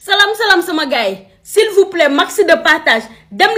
Salam salam sama s'il vous plaît maxi de partage dem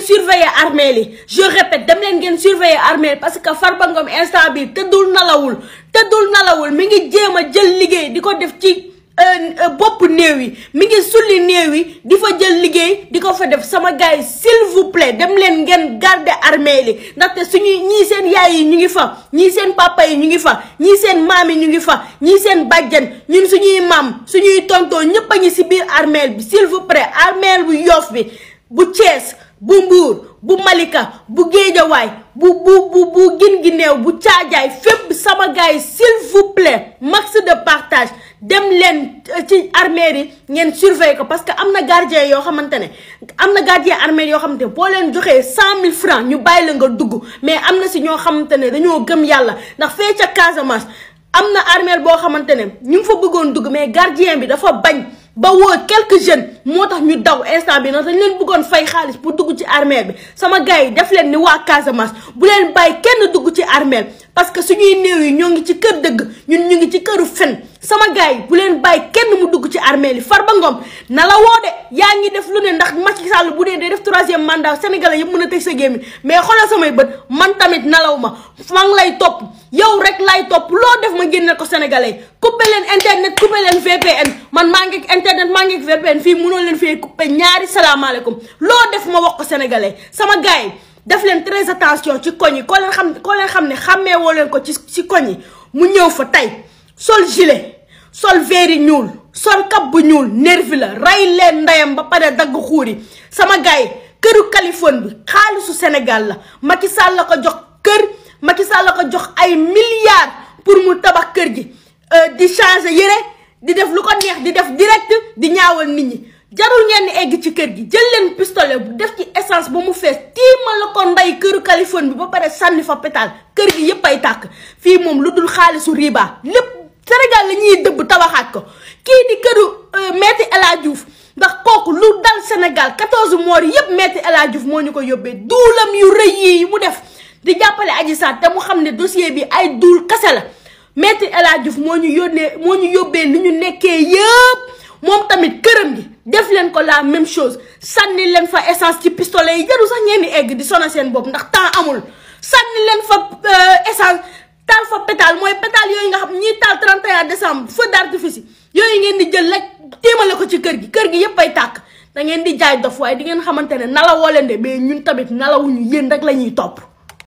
surveiller je répète dem surveiller armée parce que farbangom Ngom instable. Tadoul nalaoul, nalawul nalaoul. nalawul mi ngi djema de liguey Euh, euh, bopp néew yi mi ngi sulli néew yi di fa jël liggéey di ko fa def sama gars yi s'il vous plaît leen ngeen garder armeel yi ndaxte suñuy ñii seen yaay yi ñu ngi fa ñii seen papa yi ñu ngi fa ñi seen maam yi ñu ngi fa ñi seen bàjjan ñun suñuy maam suñuy tontoo ñëpp a ngi si biir armeel bi s'il vous armeel bu Yoff bi bu Thiès bu Mbuur bu Malika bu Géejawaay bu bu bu bu gin gineew bu caajaay fépp sama gars yi s'il vous max de partage dem len euh, ci armée yi surveiller ko parce que Amna gardien yo xamantene ne gardien armée yo xamantene bo len leen 100000 francs ñu bàyyi la nga dugg mais Amna ci si xamantene ne dañoo gëm yalla ndax fe ca Casamance amna na armée boo xamante ne ñu fa bëggoon dugg mais gardien bi dafa bañ ba wo quelques jeunes motax ñu daw instant bi na dañ leen bëggoon fay xaaliss pour dugg ci armée bi sama gars yi def leen ni wa Casamance bu leen bàyyi kenn dugg ci armée parce que suñuy néew yi ñoo ngi ci kër dëgg ñun ñu ngi ci këru fen sama gars yi bu leen bàyyi kenn mu dugg ci armée li Farba Ngom na la woo de yaa ngi def lu ne ndax Macky Sall bu dee de def troisième mandat sénégalais yëpp mën a teg sa gémmi mais xoolal samay bët man tamit nalaw ma maa lay topp yow rek lay topp loo def ma génne ko sénégalais yi coupé leen internet coupé leen VPN man maa ngi internet maa ngi VPN fii mënoo leen fee coupé ñaari salaamaaleykum loo def ma wax ko sénégalais sama gars yi def très attention ci koñ yi koo leen xam ne ko ci ci sol gilet sol verre sol kab bu ñuul nervi la rey leen ndayam ba pare dagg xuur sama Californie bi xaalisu Sénégal la Macky Sall jox kër Macky Sall jox ay milliards pour mu tabax kër gi euh, di changer yére di def lu ko neex di direct di ñaawal nit ñi jarul ngeen egg ci kër gi jël leen pistolet bu def ci essence ba mu fees tiimal la ko mbay këru Californie bi ba pare sànni fa pétale kër gi yépp ay tàkk fii moom lu dul xaalisu riba lépp Sénégal la ñuy dëbb tabaxaat ko kii di këru euh, Maître El Diouf ndax kooku lu dal Sénégal 14 morts yépp metti El Hadji moo ñu ko yóbbee duulam yu rëy yi mu def di jàppale Adji Sarr te mu xam ne dossier bi ay duul kese la Maître El moo ñu yónnee moo ñu yóbbee li ñu nekkee yëpp moom tamit këram gi def leen ko la même chose sànni leen fa essence ci pistolet yi jaru sax ngeen di egg di sona seen bopp ndax temps amul sànni leen fa euh, essence taal fa pétale mooy pétale yooyu nga xam ñiy taal 31 décembre feu d'artifice yooyu ngeen di jël rek téemale ko ci kër gi kër gi yépp ay tàkk da ngeen di jaay dof waaye di ngeen xamante ne nalawoo leen de mais ñun tamit nalawuñu yéen rek la ñuy topp